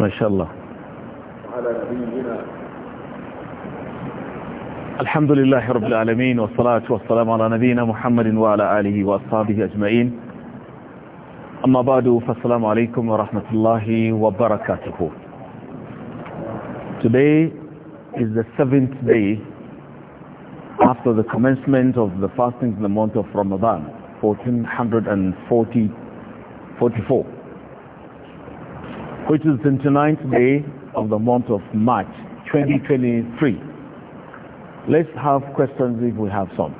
ما شاء الله على نبينا الحمد لله رب العالمين والصلاة والسلام على نبينا محمد وعلى آله وأصحابه أجمعين أما بعد فالسلام عليكم ورحمة الله وبركاته Today is the seventh day after the commencement of the fasting in the month of Ramadan 1444 which is the 29th day of the month of March 2023. Let's have questions if we have some.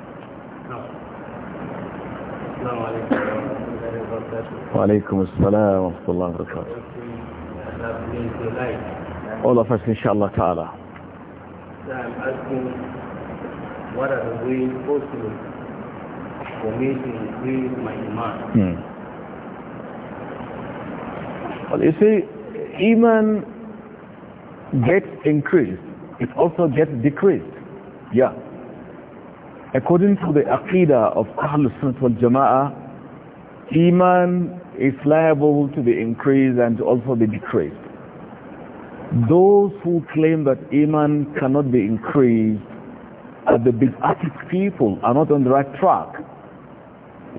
Walaikum assalam wa rahmatullahi wa barakatuh. All of us inshallah ta'ala. I'm asking what are the ways possible for me to increase my demand? Hmm. Well, you see, iman gets increased, it also gets decreased. Yeah. According to the Aqidah of Ahlul Sunnah wal Jama'ah, Iman is liable to be increased and also be decreased. Those who claim that Iman cannot be increased are the bid'atic people, are not on the right track.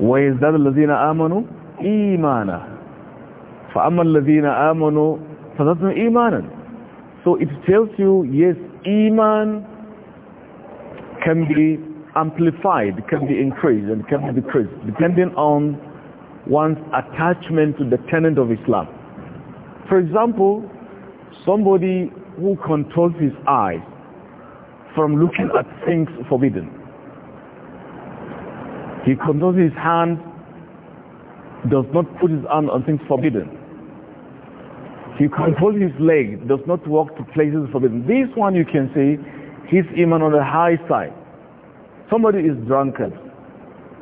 وَيَزْدَادَ الَّذِينَ آمَنُوا إِيمَانًا فَأَمَّا الَّذِينَ آمَنُوا so So it tells you, yes, iman can be amplified, can be increased and can be decreased depending on one's attachment to the tenet of Islam. For example, somebody who controls his eyes from looking at things forbidden. He controls his hand, does not put his hand on things forbidden. He hold his leg, does not walk to places forbidden. This one you can see, his iman on the high side. Somebody is drunkard,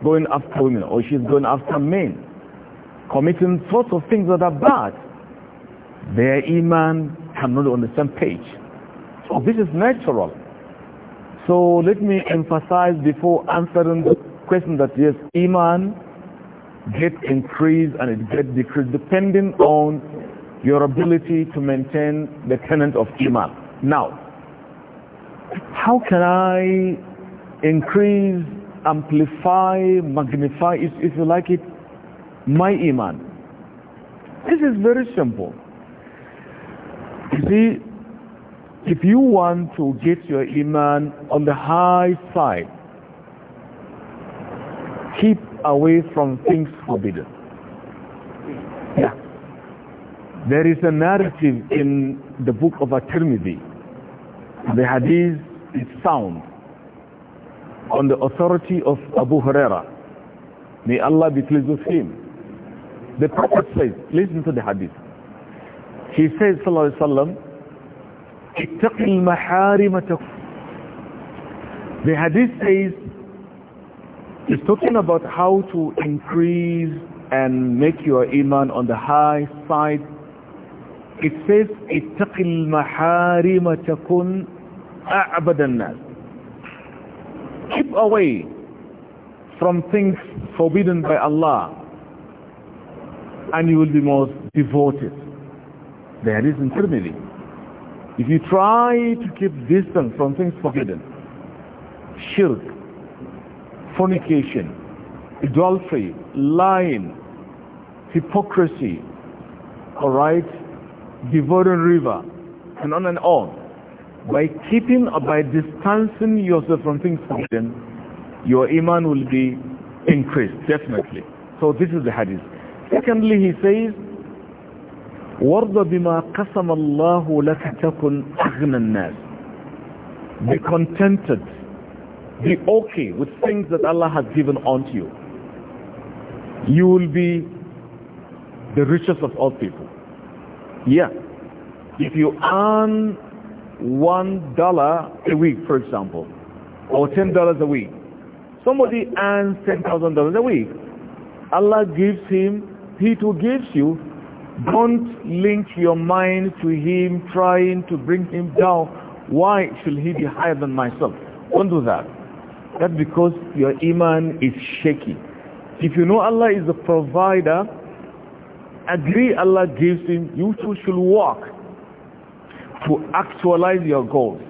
going after women, or she's going after men, committing sorts of things that are bad. Their iman cannot on the same page. So this is natural. So let me emphasize before answering the question that yes, iman get increased and it get decreased depending on your ability to maintain the tenet of Iman. Now, how can I increase, amplify, magnify, if, if you like it, my Iman? This is very simple. You see, if you want to get your Iman on the high side, keep away from things forbidden. There is a narrative in the book of At-Tirmidhi. The hadith is sound on the authority of Abu Huraira. May Allah be pleased with him. The Prophet says, listen to the hadith. He says, sallallahu alayhi wa sallam, The hadith says, he's talking about how to increase and make your iman on the high side it says اتق المحارم أعبد الناس keep away from things forbidden by Allah and you will be most devoted there is in Tirmidhi if you try to keep distance from things forbidden shirk fornication adultery lying hypocrisy all right devouring river, and on and on. By keeping or by distancing yourself from things forbidden, your iman will be increased, definitely. So this is the hadith. Secondly, he says, وَرْضَ بِمَا قَسَمَ اللَّهُ لَكَ تَكُنْ on النَّاسِ Be contented, be okay with things that Allah has given unto you. You will be the richest of all people. Yeah. If you earn one dollar a week, for example, or ten dollars a week, somebody earns ten thousand dollars a week. Allah gives him, he too gives you. Don't link your mind to him trying to bring him down. Why should he be higher than myself? Don't do that. That's because your iman is shaky. If you know Allah is the provider, agree Allah gives him, you too should walk to actualize your goals.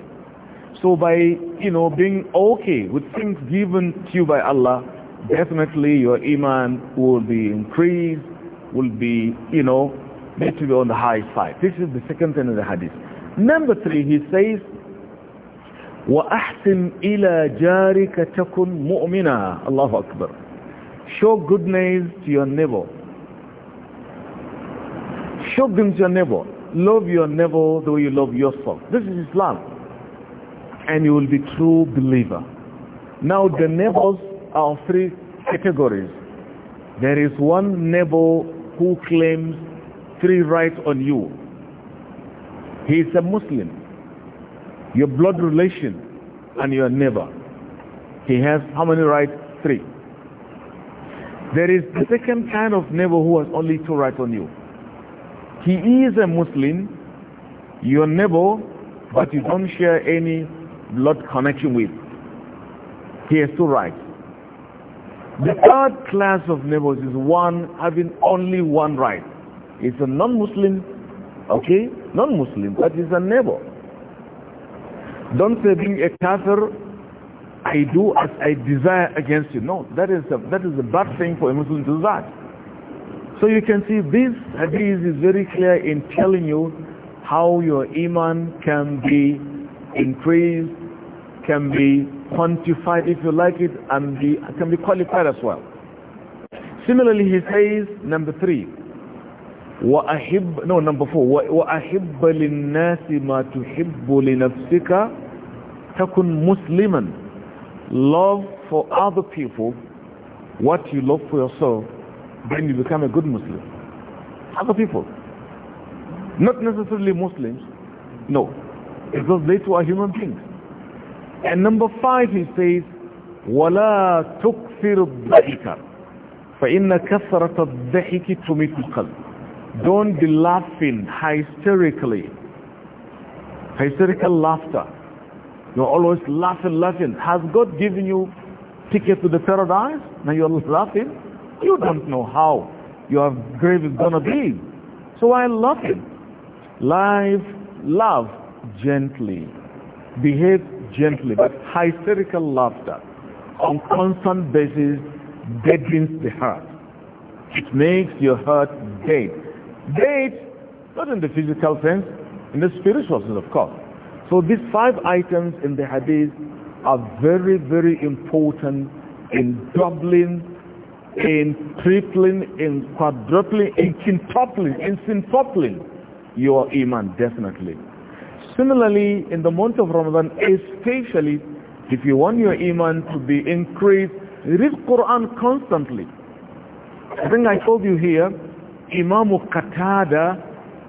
So by, you know, being okay with things given to you by Allah, definitely your iman will be increased, will be, you know, made to be on the high side. This is the second thing in the hadith. Number three, he says, وَأَحْسِنْ إِلَى جَارِكَ تَكُنْ مُؤْمِنًا Allahu Akbar. Show goodness to your neighbor. Show them to your neighbor love your neighbor the way you love yourself. This is Islam. And you will be true believer. Now the neighbors are three categories. There is one neighbor who claims three rights on you. He is a Muslim, your blood relation, and your neighbor. He has how many rights? Three. There is the second kind of neighbor who has only two rights on you he is a Muslim, your neighbor, but you don't share any blood connection with. He has two rights. The third class of neighbors is one having only one right. It's a non-Muslim, okay? Non-Muslim, but it's a neighbor. Don't say being a kafir, I do as I desire against you. No, that is a, that is a bad thing for a Muslim to do that. So you can see this hadith is very clear in telling you how your iman can be increased, can be quantified if you like it, and be, can be qualified as well. Similarly, he says, number three, وأحب no number four وأحب للناس ما تحب لنفسك تكن مسلما love for other people what you love for yourself then you become a good Muslim. Other people. Not necessarily Muslims. No. Because they too are human beings. And number five, he says, وَلَا تُكْفِرُ الضَّحِكَ فَإِنَّ كَثْرَةَ الضَّحِكِ تُمِتُ الْقَلْبِ Don't be laughing hysterically. Hysterical laughter. You're always laughing, laughing. Has God given you ticket to the paradise? Now you're laughing? You don't know how your grave is going to be. So I love him. Life, love gently. Behave gently, but hysterical laughter on constant basis deadens the heart. It makes your heart dead. Dead, not in the physical sense, in the spiritual sense, of course. So these five items in the hadith are very, very important in doubling in tripling, in quadrupling, in quintupling, in centupling your iman, definitely. Similarly, in the month of Ramadan, especially if you want your iman to be increased, read Quran constantly. I think I told you here, Imam Qatada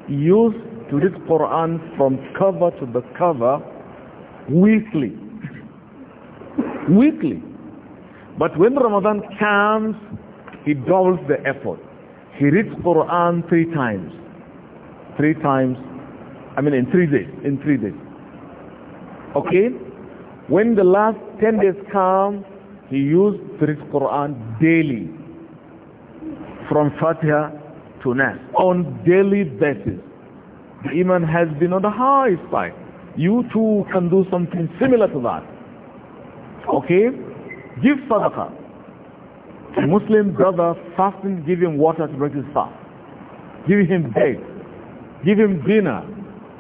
used to read Quran from cover to the cover weekly. weekly. But when Ramadan comes, he doubles the effort. He reads Quran three times. Three times. I mean in three days. In three days. Okay? When the last ten days come, he used to read Quran daily. From Fatiha to Nas. On daily basis. The Iman has been on the high side. You too can do something similar to that. Okay? Give sadaqah Muslim brother fasting, give him water to break his fast. Give him bed. Give him dinner.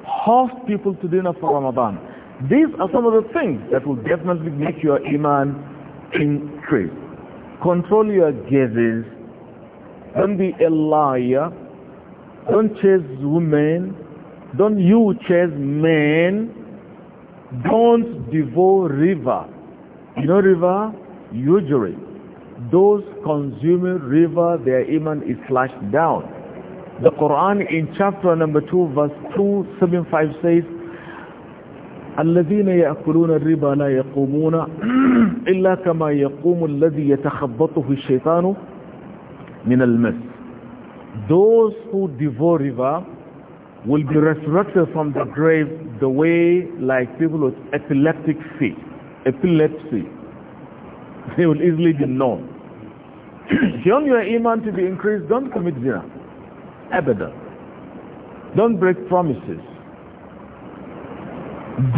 Host people to dinner for Ramadan. These are some of the things that will definitely make your iman increase. Control your gazes. Don't be a liar. Don't chase women. Don't you chase men. Don't devour river. You know river? Usury those consuming river, their iman is slashed down. The Quran in chapter number 2, verse 275 says, الذين يأكلون الربا لا يقومون إلا كما يقوم الذي يتخبطه الشيطان من المس Those who devour riba will be resurrected from the grave the way like people with epileptic fit, epilepsy they will easily be known. if you want your iman to be increased, don't commit zina. Abadan. Don't break promises.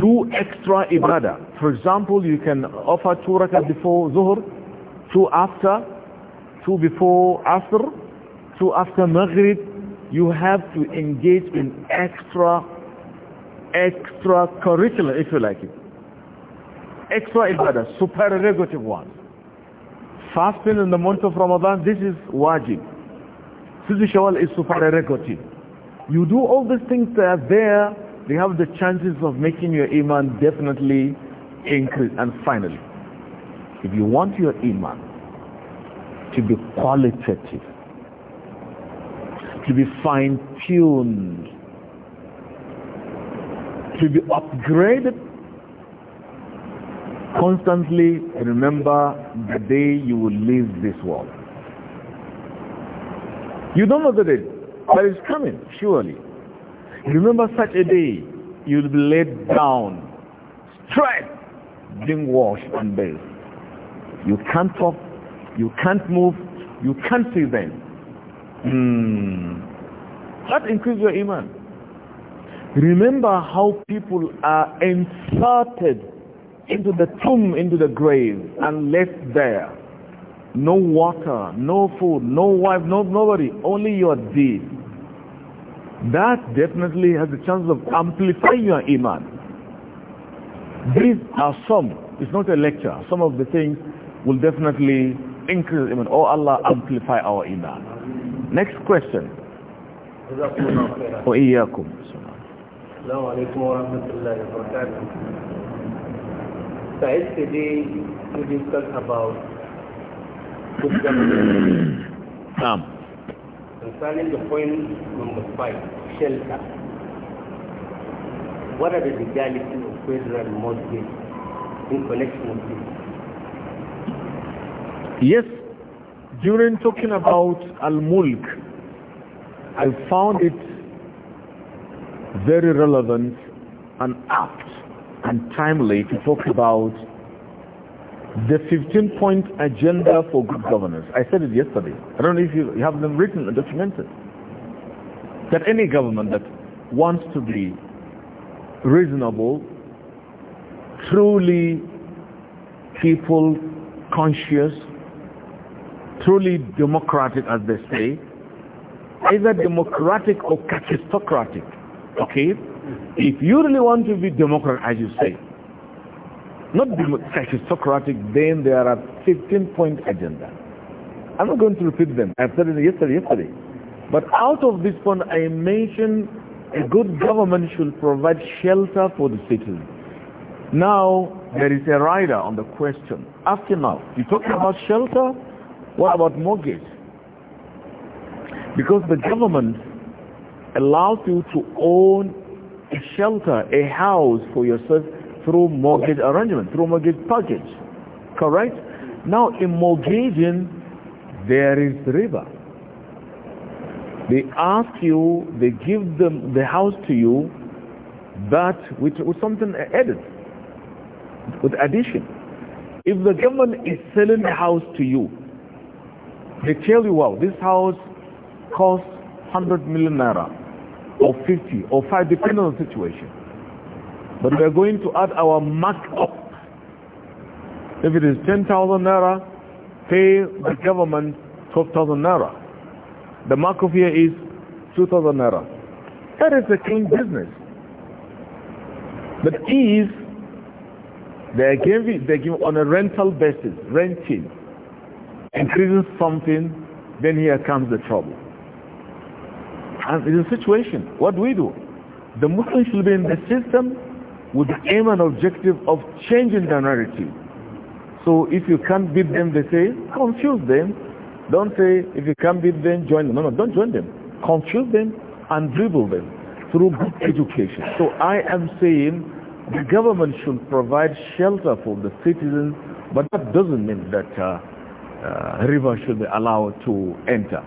Do extra ibadah. For example, you can offer two rakat before zuhr, two after, two before asr, two after maghrib. You have to engage in extra, extra curriculum if you like it. Extra ibadah, supererogative one fasting in the month of Ramadan, this is wajib. Sidi Shawwal is supererogative. You do all these things that are there, they have the chances of making your iman definitely increase. And finally, if you want your iman to be qualitative, to be fine-tuned, to be upgraded Constantly remember the day you will leave this world. You don't know the day, but it's coming, surely. Remember such a day, you'll be laid down, straight, being washed and bathed. You can't talk, you can't move, you can't see them. Hmm. That increases your iman. Remember how people are insulted into the tomb, into the grave, and left there. No water, no food, no wife, no nobody, only your deed. That definitely has a chance of amplifying your iman. These are some, it's not a lecture, some of the things will definitely increase iman. Oh Allah, amplify our iman. Next question. وإياكم السلام عليكم ورحمة الله وبركاته Said today to discuss about Um. Concerning the point number five, shelter. What are the legalities of federal mortgage in connection with this? Yes, during talking about Al-Mulk, I found it very relevant and apt and timely to talk about the 15-point agenda for good governance. I said it yesterday. I don't know if you have them written and documented. That any government that wants to be reasonable, truly people conscious, truly democratic as they say, either democratic or catastocratic, okay, if you really want to be democratic, as you say, not aristocratic, then there are 15-point agenda. I'm not going to repeat them. I said it yesterday, yesterday. But out of this point, I mentioned a good government should provide shelter for the citizens. Now, there is a rider on the question. After now, you talking about shelter? What about mortgage? Because the government allows you to own a shelter, a house for yourself through mortgage arrangement, through mortgage package. Correct? Now in mortgaging, there is riba. They ask you, they give them the house to you, but with, with something added, with addition. If the government is selling a house to you, they tell you, well, this house costs 100 million naira or 50 or 5 depending on the situation but we are going to add our mark up. if it is 10,000 naira pay the government 12,000 naira the mark of here is 2,000 naira that is a clean business but if they give they give on a rental basis renting increases something then here comes the trouble and in a situation, what do we do? The Muslim should be in the system with the aim and objective of changing the narrative. So if you can't beat them, they say, confuse them. Don't say, if you can't beat them, join them. No, no, don't join them. Confuse them and dribble them through good education. So I am saying the government should provide shelter for the citizens, but that doesn't mean that uh, uh, river should be allowed to enter.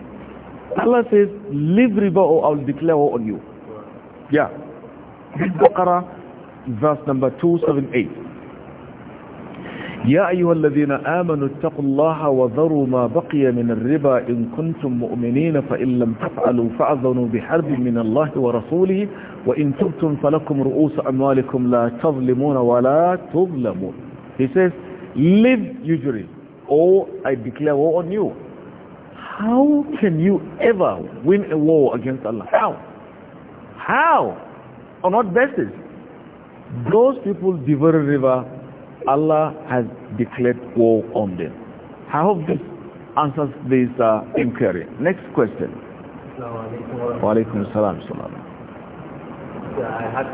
Allah says, leave riba or I'll declare war on you. Yeah. Baqarah, verse number 278. يا أيها الذين آمنوا اتقوا الله وذروا ما بقي من الربا إن كنتم مؤمنين فإن لم تفعلوا فأذنوا بحرب من الله ورسوله وإن تبتم فلكم رؤوس أموالكم لا تظلمون ولا تظلمون He says, live usury or I declare war on you how can you ever win a war against Allah? How? How? On what basis? Those people devour a river, Allah has declared war on them. I hope this answers this uh, inquiry. Next question. Wa alaikum salam. I had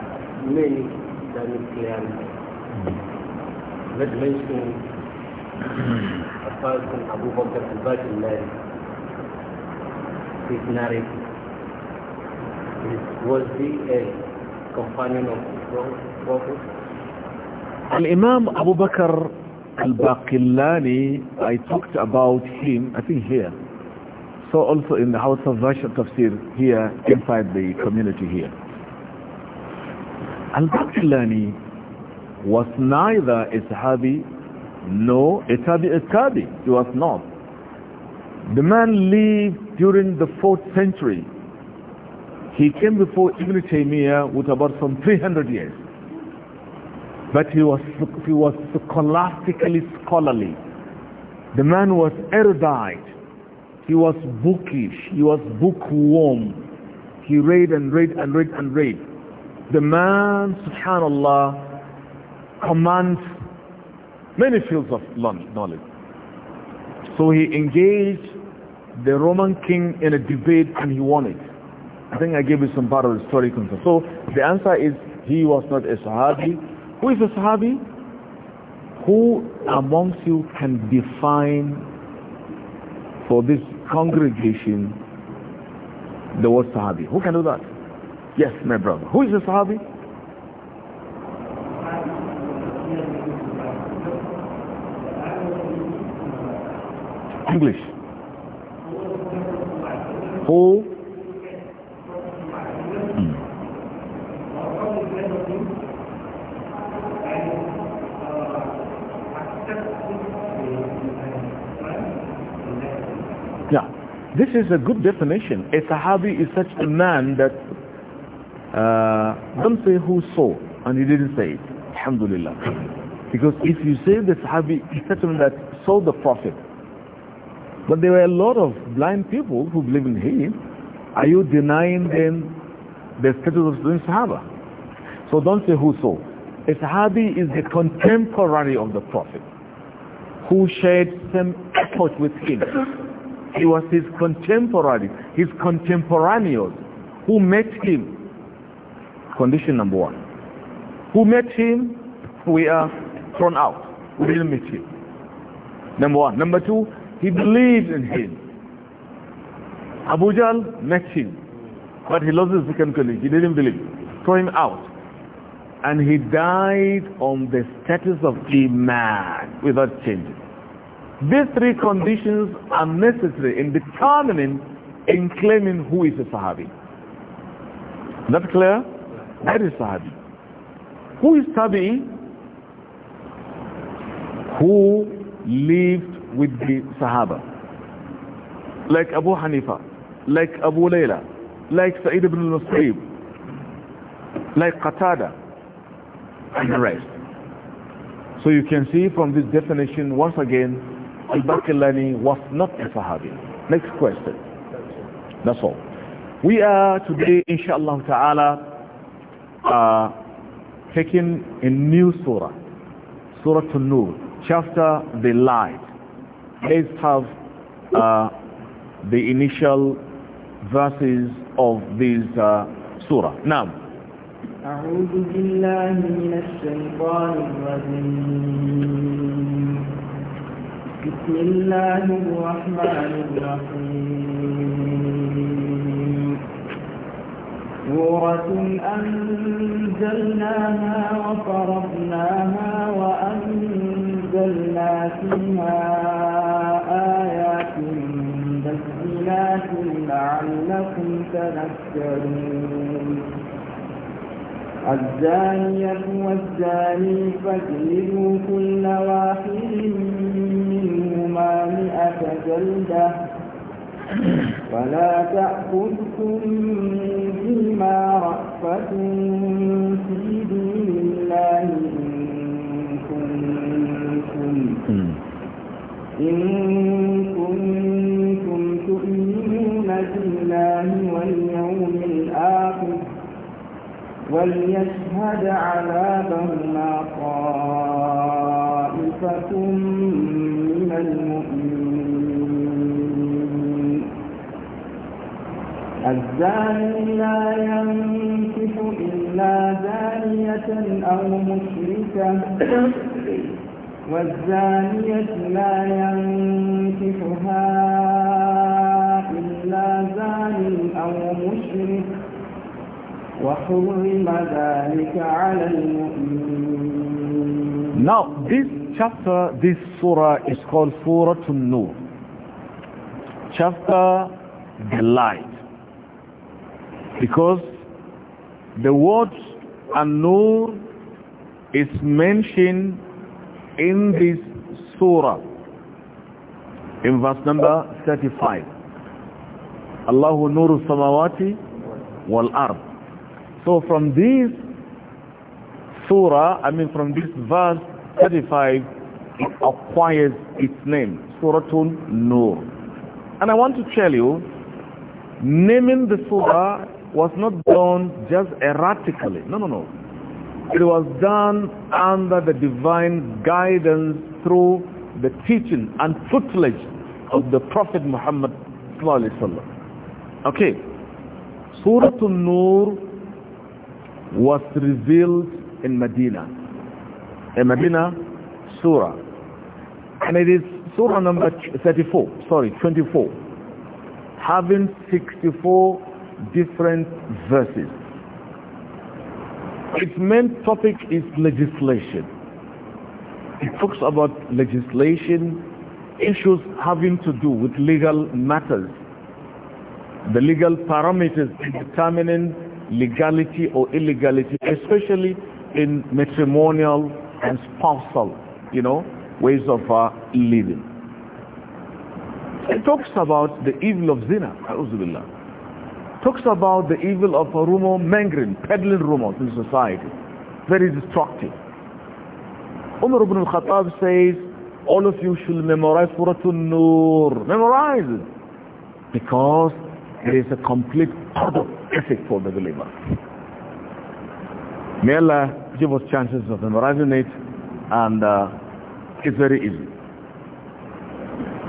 many Islamic claims. Let mention a person Abu Bakr al-Bajr his narrative. Was he a uh, companion of the Prophet? Al-Imam Abu Bakr Al-Baqillani, I talked about him, I think here. So also in the House of Rashid Tafsir here, inside the community here. Al-Baqillani was neither a Sahabi nor a Tabi a Tabi. He was not. The man lived during the 4th century. He came before Ibn Taymiyyah with about some 300 years. But he was, he was scholastically scholarly. The man was erudite. He was bookish. He was bookworm. He read and read and read and read. The man, subhanallah, commands many fields of knowledge. So he engaged the Roman king in a debate and he won it. I think I gave you some part of the story. So the answer is he was not a Sahabi. Who is a Sahabi? Who amongst you can define for this congregation the word Sahabi? Who can do that? Yes, my brother. Who is a Sahabi? English who hmm. Yeah, this is a good definition. A Sahabi is such a man that uh, don't say who saw and he didn't say it. Alhamdulillah. Because if you say the Sahabi is such a man that saw the Prophet, but there were a lot of blind people who believe in him. Are you denying them the status of doing Sahaba? So don't say who so. A Sahabi is a contemporary of the Prophet who shared some effort with him. He was his contemporary, his contemporaneous who met him. Condition number one. Who met him? We are thrown out. We didn't meet him. Number one. Number two, he believed in him. Abu Jahl met him, but he lost his second colleague. He didn't believe. Throw him out. And he died on the status of man without changing. These three conditions are necessary in determining, in claiming who is a Sahabi. Not clear? That is Sahabi. Who is Sahabi? Who lived with the Sahaba, like Abu Hanifa, like Abu Layla, like Sa'id ibn al-Musayib, like Qatada, and the rest. So you can see from this definition, once again, Al-Baqillani was not a Sahabi. Next question. That's all. We are today, inshallah ta'ala, uh, taking a new surah, Surah An-Nur, chapter The Light let's have uh, the initial verses of this uh, surah. Now. أعوذ بالله من الشيطان الرجيم بسم الله الرحمن الرحيم سورة أنزلناها وفرضناها وأنزلناها أنزلنا فيها آيات بينات لعلكم تذكرون الزانية والزاني فاجلدوا كل واحد منهما مئة جلدة ولا تأخذكم بما رأفة في دين إن كنتم تؤمنون بالله واليوم الآخر وليشهد عذابهما طائفة من المؤمنين الزاني لا ينكح إلا زانية أو مشركة والزانية لا ينكحها إلا زان أو مشرك وحرم ذلك على المؤمنين Now this chapter, this surah is called Surah An-Nur. Chapter the light. Because the word An-Nur is mentioned in this surah in verse number 35 Allahu nuru samawati wal ard so from this surah I mean from this verse 35 it acquires its name Suratul Nur and I want to tell you naming the surah was not done just erratically no no no it was done under the divine guidance through the teaching and tutelage of the Prophet Muhammad Okay. Surah An-Nur was revealed in Medina. A Medina surah. And it is surah number 34, sorry, 24. Having 64 different verses. Its main topic is legislation. It talks about legislation, issues having to do with legal matters, the legal parameters determining legality or illegality, especially in matrimonial and spousal, you know, ways of uh, living. It talks about the evil of zina, talks about the evil of a rumor mongering, peddling rumors in society. Very destructive. Umar ibn al-Khattab says, all of you should memorize Surah An-Nur. Memorize it. Because it is a complete part of ethic for the believer. May Allah give us chances of memorizing it and uh, it's very easy.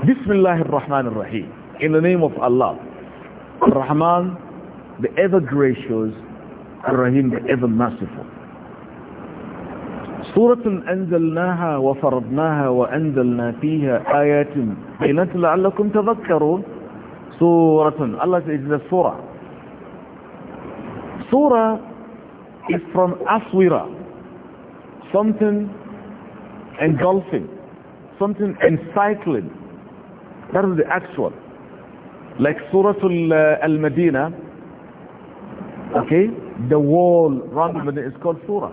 Bismillahir Rahmanir Rahim. In the name of Allah, Ar-Rahman, the ever-gracious, Ar-Rahim, the ever-merciful. سورة أنزلناها وفرضناها وأنزلنا فيها آيات بينات لعلكم تذكرون سورة Allah says the surah surah is from aswira something engulfing something encycling that is the actual like Surah uh, Al-Madinah, okay, the wall around Medina is called Surah.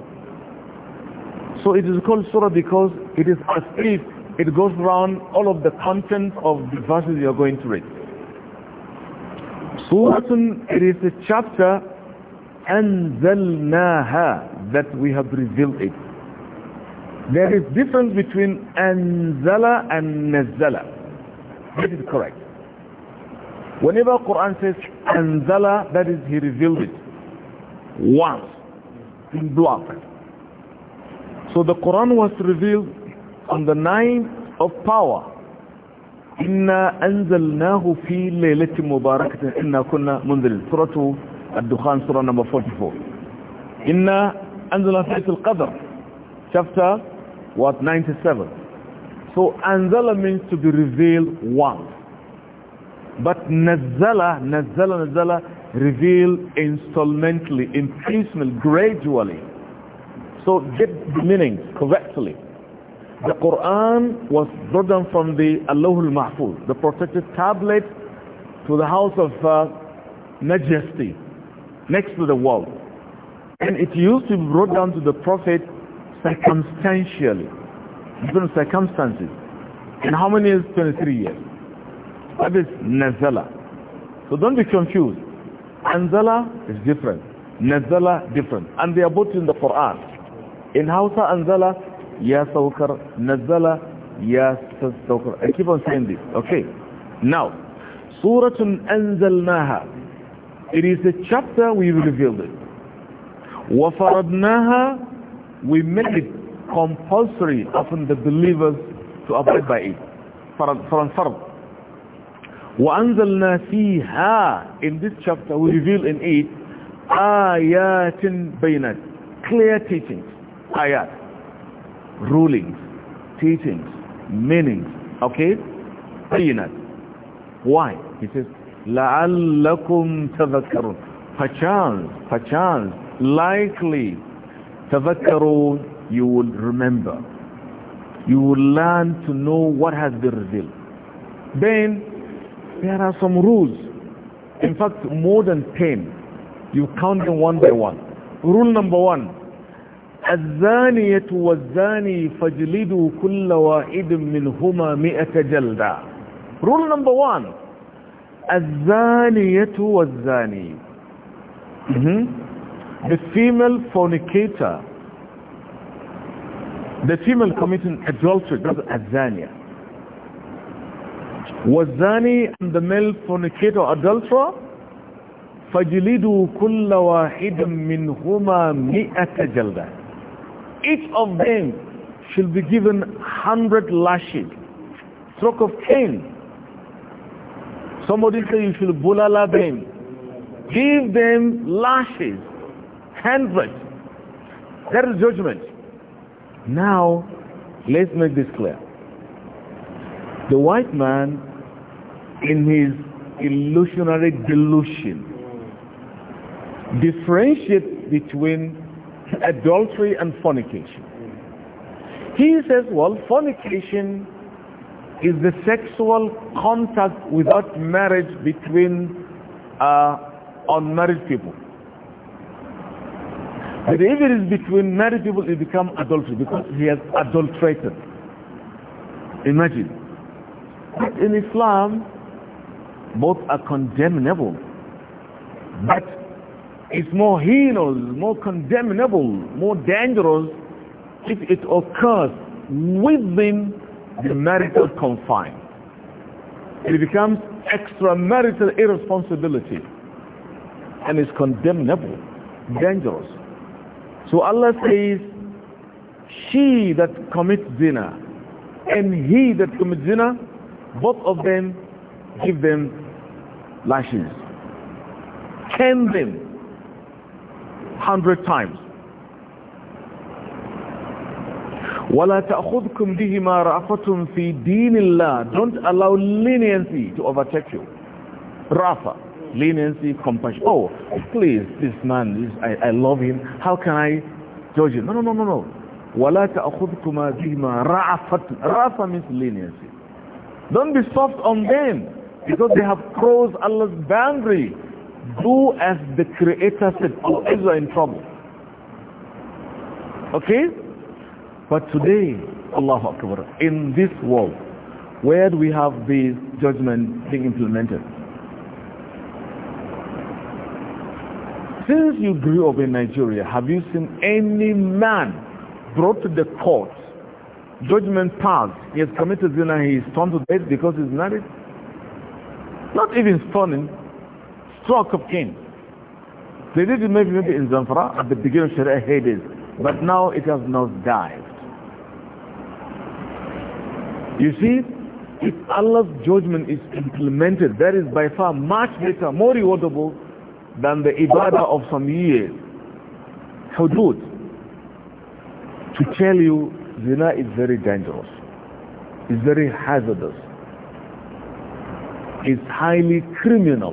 So it is called Surah because it is as if it goes around all of the content of the verses you are going to read. Surah, it is a chapter أنزلناها that we have revealed it. There is difference between anzala and nazala. This is correct. Whenever Quran says anzala, that is he revealed it once in block. So the Quran was revealed on the night of power. anzalnahu fi في ليلة Inna kunna كنا منذرين سورة الدخان Surah number 44 Inna anzalna fi al-Qadr, chapter what 97 so Anzala means to be revealed once but Nazala, Nazala, Nazala reveal instrumentally, in gradually. So get the meaning correctly. The Quran was brought down from the Allahul Mahfuz, the protected tablet, to the house of uh, majesty, next to the wall. And it used to be brought down to the Prophet circumstantially, different circumstances. And how many years? 23 years. That is nazala. So don't be confused. Anzala is different. Nazala different. And they are both in the Quran. In Hausa, Anzala, Ya Saukar, Nazala, Ya I keep on saying this. Okay. Now, Surah Anzalnaha. It is a chapter we revealed it. وَفَرَدْنَاهَا We made it compulsory upon the believers to abide by it. From وَأَنْزَلْنَا فِيهَا In this chapter we reveal in it آيَاتٍ بَيْنَةٍ Clear teachings, ayat, rulings, teachings, meanings, okay? بينة Why? He says, لَعَلَّكُمْ تَذَكَّرُونَ Perchance, perchance, likely, تَذَكَّرُونَ You will remember. You will learn to know what has been revealed. Then, there are some rules. In fact, more than 10. You count them one by one. Rule number one. الزانية والزاني فاجلدوا كل واحد منهما مئة جلدة Rule number one. الزانية والزاني mm-hmm. The female fornicator. The female committing adultery. That's الزانية والزاني and the male fornicator adulterer فجلدوا كل واحد منهما مئة جلدة each of them shall be given hundred lashes stroke of cane somebody say you should bulala them give them lashes hundred that is judgment now let's make this clear the white man in his illusionary delusion differentiate between adultery and fornication. He says, well, fornication is the sexual contact without marriage between uh, unmarried people. But if it is between married people, it becomes adultery because he has adulterated. Imagine. But in Islam, both are condemnable but it's more heinous more condemnable more dangerous if it occurs within the marital confines it becomes extramarital irresponsibility and is condemnable dangerous so Allah says she that commits zina and he that commits zina both of them give them lashes. Cane them hundred times. وَلَا تَأْخُذْكُمْ بِهِمَا رَأْفَةٌ فِي دِينِ اللَّهِ Don't allow leniency to overtake you. Rafa, leniency, compassion. Oh, please, this man, this, I, I love him. How can I judge him? No, no, no, no, no. وَلَا تَأْخُذْكُمَا بِهِمَا رَأْفَةٌ Rafa means leniency. Don't be soft on them. Because they have crossed Allah's boundary. Do as the Creator said, or oh, else you are in trouble. Okay? But today, Allah Akbar, in this world, where do we have this judgment being implemented? Since you grew up in Nigeria, have you seen any man brought to the court, judgment passed, he has committed zina, he is turned to death because he's married? Not even stoning, stroke of cane. They did it maybe, maybe in Zamfara at the beginning of Sharia Hades, but now it has not died. You see, if Allah's judgment is implemented, that is by far much better, more rewardable than the ibadah of some years. Hudud. To tell you, zina is very dangerous. It's very hazardous is highly criminal.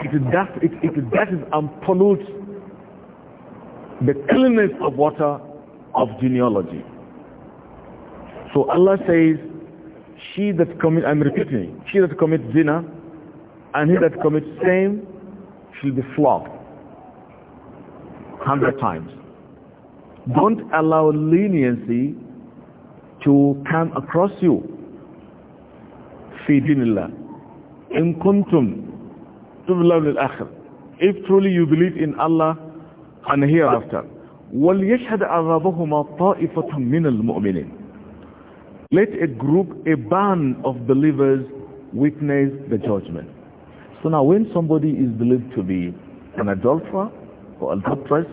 It, does, it, it dashes and pollutes the cleanness of water of genealogy. So Allah says, she that commits, I'm repeating, she that commits zina and he that commits same shall be flogged hundred times. Don't allow leniency to come across you. في دين الله إن كنتم تبلغ if truly you believe in Allah and hereafter وليشهد عذابهما طائفة من المؤمنين let a group a band of believers witness the judgment so now when somebody is believed to be an adulterer or adulteress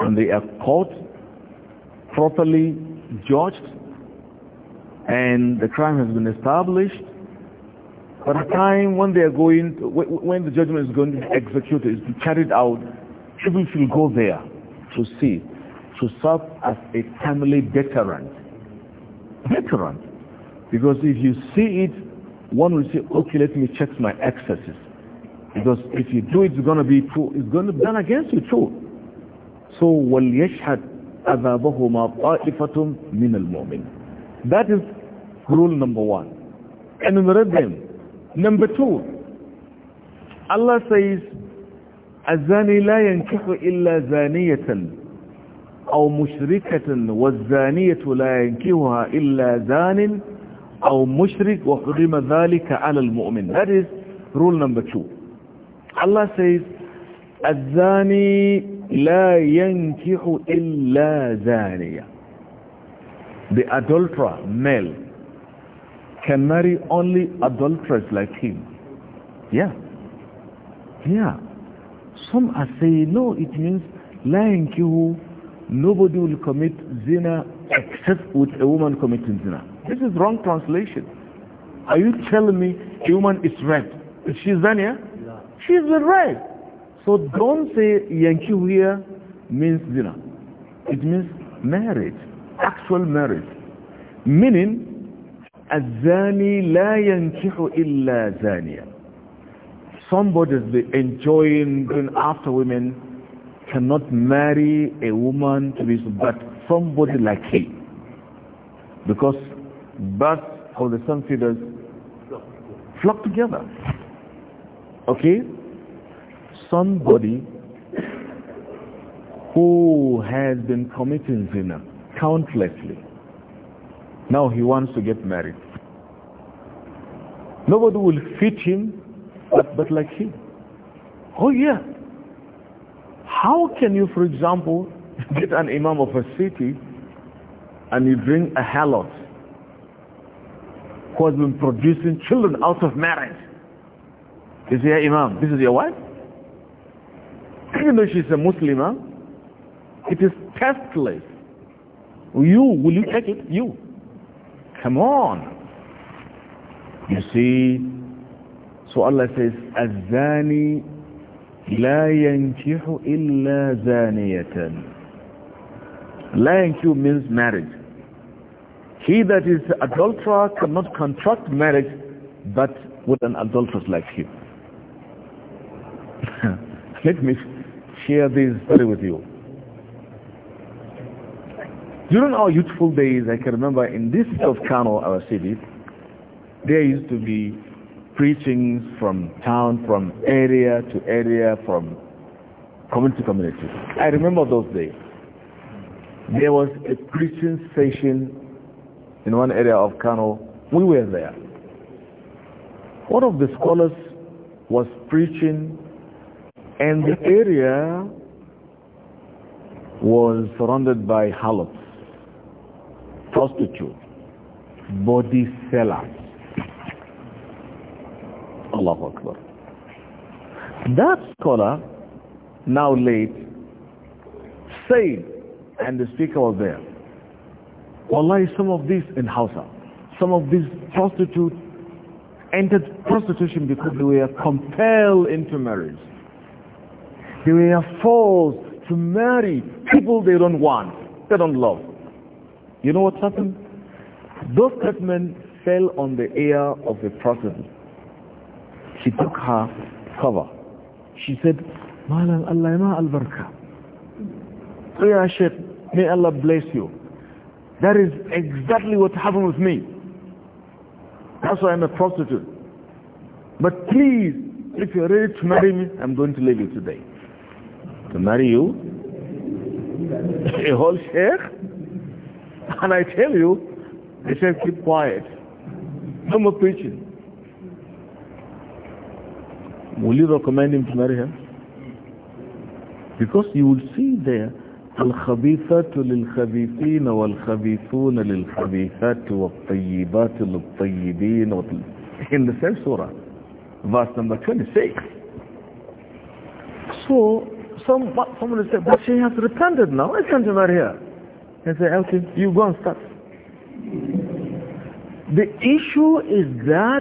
and they are caught properly judged and the crime has been established but the time when they are going to, when the judgment is going to be executed is carried out if will go there to see to serve as a timely deterrent deterrent because if you see it one will say okay let me check my excesses because if you do it, it's going to be true it's going to be done against you too so وَلْيَشْهَدْ أَذَابَهُمَا طَائِفَةٌ مِنَ الْمُؤْمِنِ that is Rule number one. And Enumerate them. Number two, Allah says, الزاني لا ينكح إلا زانية أو مشركة والزانية لا ينكحها إلا زان أو مشرك وحرم ذلك على المؤمن. That is rule number two. Allah says, الزاني لا ينكح إلا زانية. The adulterer, male, can marry only adulterers like him. Yeah. Yeah. Some are saying, no, it means lying you, nobody will commit zina except with a woman committing zina. This is wrong translation. Are you telling me a woman is raped? Is she Yeah. She's been raped. So don't say You here means zina. It means marriage, actual marriage. Meaning, la لا illa zaniya. Somebody is enjoying going after women cannot marry a woman to be but somebody like him because birth of the sun feeders flock together okay somebody who has been committing zina countlessly now he wants to get married. Nobody will fit him but, but like him. Oh yeah. How can you, for example, get an imam of a city and you bring a halot who has been producing children out of marriage? Is your imam? This is your wife? Even though she's a Muslim, it is testless. You, will you take it? You. Come on. You see, so Allah says, "Azani la ينكح illa زانية. La ينكح means marriage. He that is adulterer cannot contract marriage but with an adulteress like him. Let me share this story with you. During our youthful days, I can remember in this of Kano, our city, there used to be preachings from town, from area to area, from community to community. I remember those days. There was a preaching session in one area of Kano. We were there. One of the scholars was preaching and the area was surrounded by halops prostitute, body seller. Allahu Akbar. That scholar, now late, said, and the speaker was there, Wallahi, some of these in Hausa, some of these prostitutes entered prostitution because they were compelled into marriage. They were forced to marry people they don't want, they don't love. You know what happened? Those statements fell on the ear of a Prophet. She took her cover. She said, Malam Allah ma al-barka. Ya Sheikh, may Allah bless you. That is exactly what happened with me. That's why I'm a prostitute. But please, if you're ready to marry me, I'm going to leave you today. To marry you? a whole sheikh? And I tell you, they said, keep quiet. No more preaching. Will you recommend him to marry her? Because you will see there, الخبيثات للخبيثين والخبيثون للخبيثات والطيبات للطيبين in the same surah verse number 26 so some, someone said but she has repented now I can't marry her and say, okay, you go and start. The issue is that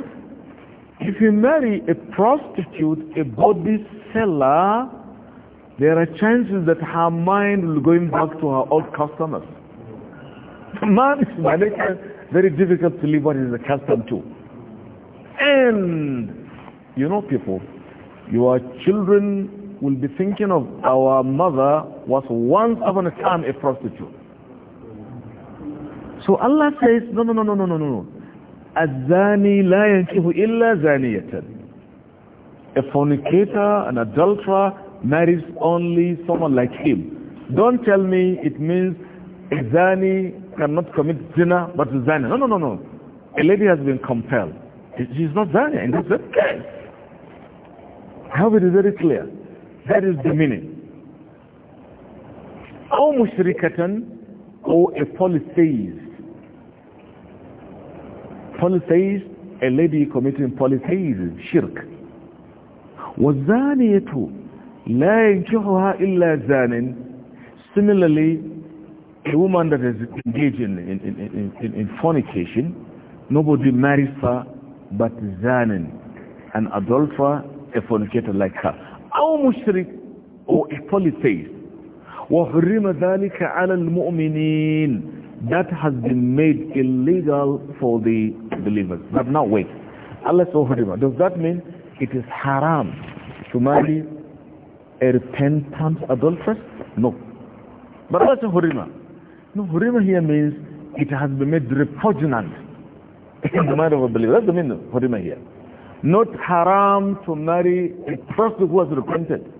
if you marry a prostitute, a body seller, there are chances that her mind will going back to her old customers. Man is by nature very difficult to live what is accustomed to. And you know people, your children will be thinking of our mother was once upon a time a prostitute. So Allah says, no, no, no, no, no, no, no. الزاني لا ينكه إلا زانية. A fornicator, an adulterer, marries only someone like him. Don't tell me it means a zani cannot commit zina, but zani. No, no, no, no. A lady has been compelled. She's not zani, and that's okay. How it is very clear. That is the meaning. Or mushrikatan, or a polytheist polytheist, a lady committing polytheism, shirk. والزانية لا ينكحها إلا زان Similarly, a woman that is engaged in, in, in, in, in fornication, nobody marries her but zanin, an adulterer, a fornicator like her. أو مشرك or a polytheist. وحرم ذلك على المؤمنين. That has been made illegal for the believers. But now wait. Allah subhanahu oh, does that mean it is haram to marry a repentant adulteress? No. But a hurima? No, hurima here means it has been made repugnant in the mind of a believer. That's the meaning of hurima here. Not haram to marry a prostitute who has repented.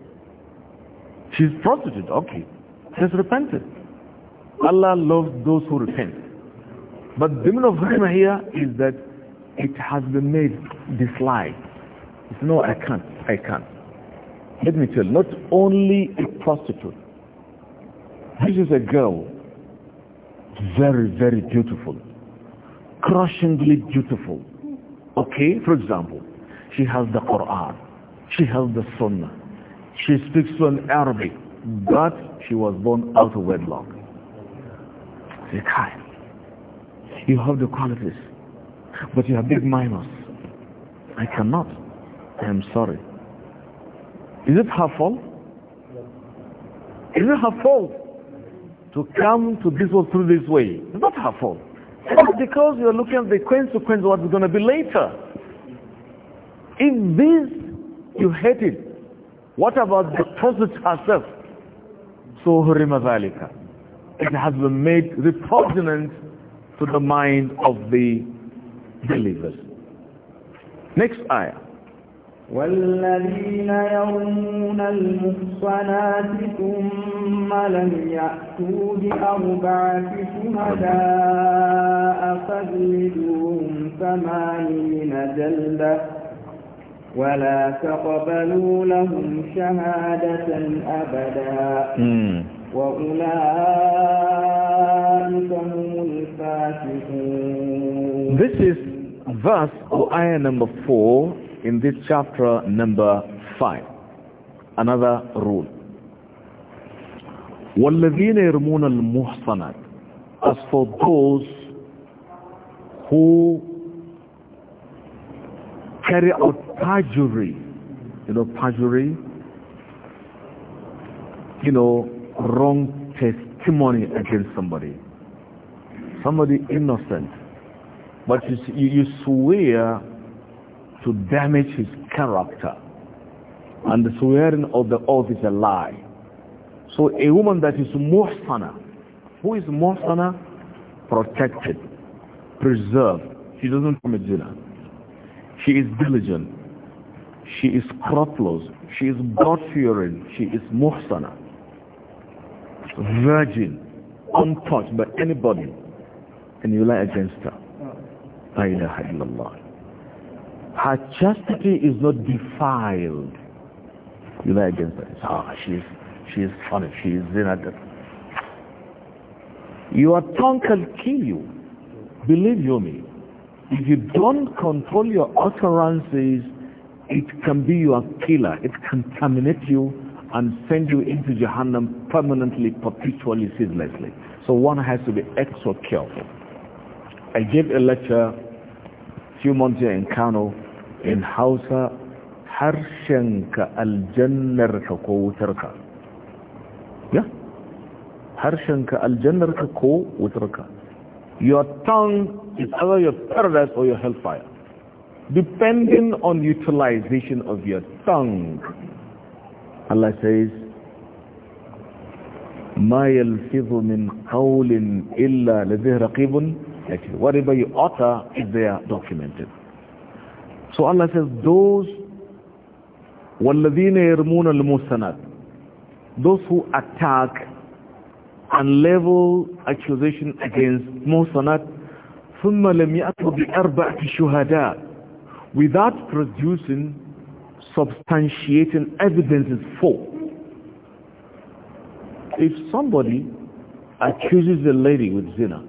She's prostitute, okay. She's repented. Allah loves those who repent. But the meaning of rahmah here is that it has been made dislike. It's no, I can't, I can't. Let me tell you, not only a prostitute. This is a girl, very, very beautiful, crushingly beautiful. Okay, for example, she has the Quran, she has the Sunnah, she speaks fluent Arabic, but she was born out of wedlock. She can't. You have the qualities, but you are big minus. I cannot. I am sorry. Is it her fault? Is it her fault to come to this world through this way? It's not her fault. It's because you're looking at the consequence of what's going to be later. If this you hate it, what about the prostitute herself? So hurima It has been made repugnant to the mind of the believers. Next ayah. والذين يرمون المحصنات ثم لم يأتوا بأربعة شهداء فاجلدوهم ثمانين جلدة ولا تقبلوا لهم شهادة أبدا hmm. وأولئك هم This is verse or ayah number 4 in this chapter number 5. Another rule. وَالَّذِينَ يَرْمُونَ الْمُحْصَنَاتِ As for those who carry out perjury, you know, perjury, you know, wrong testimony against somebody somebody innocent, but you, you swear to damage his character. And the swearing of the oath is a lie. So a woman that is muhsana, who is muhsana? Protected, preserved. She doesn't commit zina. She is diligent. She is scrupulous. She is God-fearing. She is muhsana. Virgin, untouched by anybody and you lie against her. La ilaha illallah. Her chastity is not defiled. You lie against her. Ah, she is, she is funny. She is zinadar. Your tongue can kill you. Believe you me. If you don't control your utterances, it can be your killer. It can contaminate you and send you into Jahannam permanently, perpetually, ceaselessly. So one has to be extra careful. I gave a lecture a few months ago in Kano in Hausa harshenka aljannarka ko wutarka yeah harshenka aljannarka ko wutarka your tongue is either your paradise or your hellfire depending on utilization of your tongue Allah says ما يلفظ من قول إلا لديه رقيب Whatever you utter is there documented. So Allah says, those وَالَّذِينَ يَرْمُونَ الْمُسَنَاتِ Those who attack and level accusation against Musanat ثُمَّ لَمْ يَأْتُوا بِأَرْبَعْةِ شُهَدَاء Without producing substantiating evidences for. If somebody accuses a lady with zina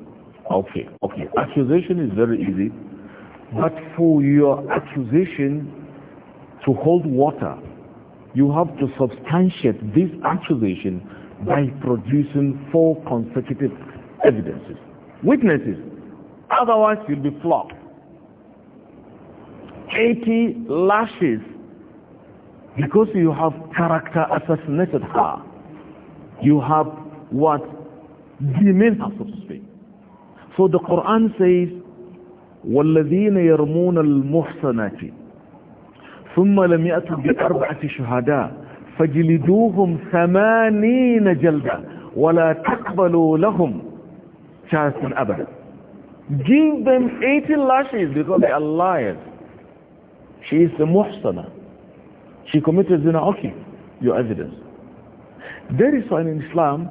Okay, okay. Accusation is very easy. But for your accusation to hold water, you have to substantiate this accusation by producing four consecutive evidences, witnesses. Otherwise, you'll be flogged. 80 lashes because you have character assassinated her. You have what demeaned her, so to speak. So the Quran says, وَالَّذِينَ يَرْمُونَ الْمُحْصَنَاتِ ثُمَّ لَمْ يَأْتُوا بِأَرْبَعَةِ شُهَدَاءَ فَجِلِدُوهُمْ ثَمَانِينَ جَلْدًا وَلَا تَقْبَلُوا لَهُمْ شَأْسَ أَبَدًا Give them 80 lashes because they are liars. She is the muhsana. She committed zina. Okay, your evidence. There is one in Islam,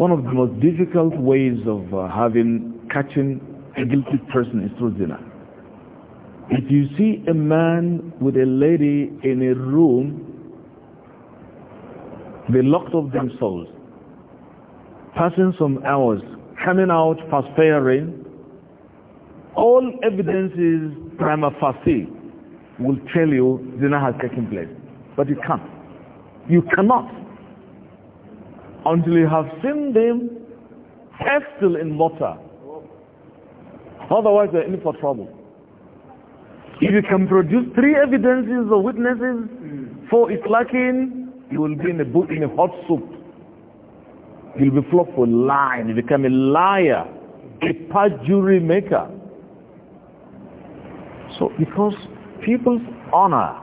one of the most difficult ways of uh, having catching a guilty person is through zina if you see a man with a lady in a room they locked up themselves passing some hours coming out perspiring all evidences prima facie will tell you zina has taken place but you can't you cannot until you have seen them still in water. Otherwise, you're in for trouble. If you can produce three evidences or witnesses, four is lacking, you will be in a in a hot soup. You'll be flogged for lying. You become a liar, a perjury maker. So, because people's honor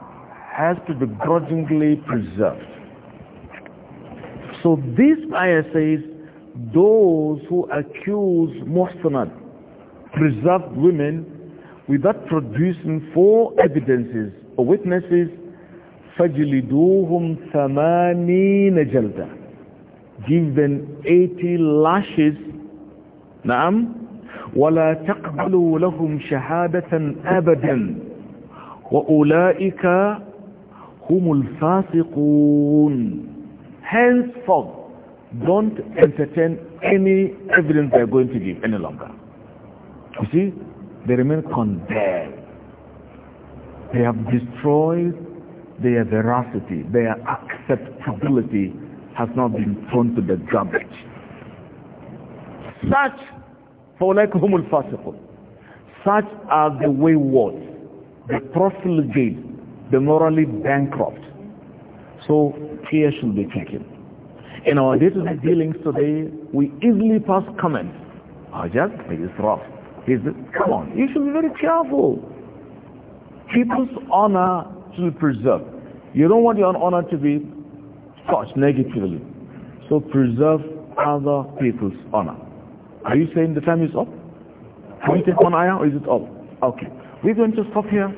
has to be grudgingly preserved. So this ayah says, those who accuse Muhsanat, preserved women, without producing four evidences or witnesses, فَجْلِدُوهُمْ ثَمَانِينَ جَلْدًا Give them 80 lashes. نعم. وَلَا تَقْبَلُوا لَهُمْ شَهَادَةً أَبَدًا وَأُولَئِكَ هُمُ الْفَاسِقُونَ henceforth don't entertain any evidence they're going to give any longer. You see, they remain condemned. They have destroyed their veracity, their acceptability has not been thrown to the garbage. Such, فَوْلَيْكُهُمُ الْفَاسِقُونَ Such are the wayward, the profligate, the morally bankrupt, so care should be taken. In our day-to-day -day dealings today, we easily pass comments. I just, it is rough. He's, come on, you should be very careful. People's honor should be preserved. You don't want your honor to be touched negatively. So preserve other people's honor. Are you saying the time is up? Can we take one ayah or is it up? Okay. We're going to stop here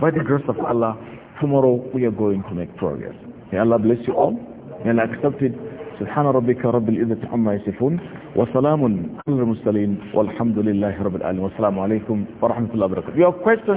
by the grace of Allah. Tomorrow we are going to make progress. May Allah bless you all. May Allah accept it. سبحان ربك رب العزة عما يصفون وسلام على المرسلين والحمد لله رب العالمين والسلام عليكم ورحمة الله وبركاته.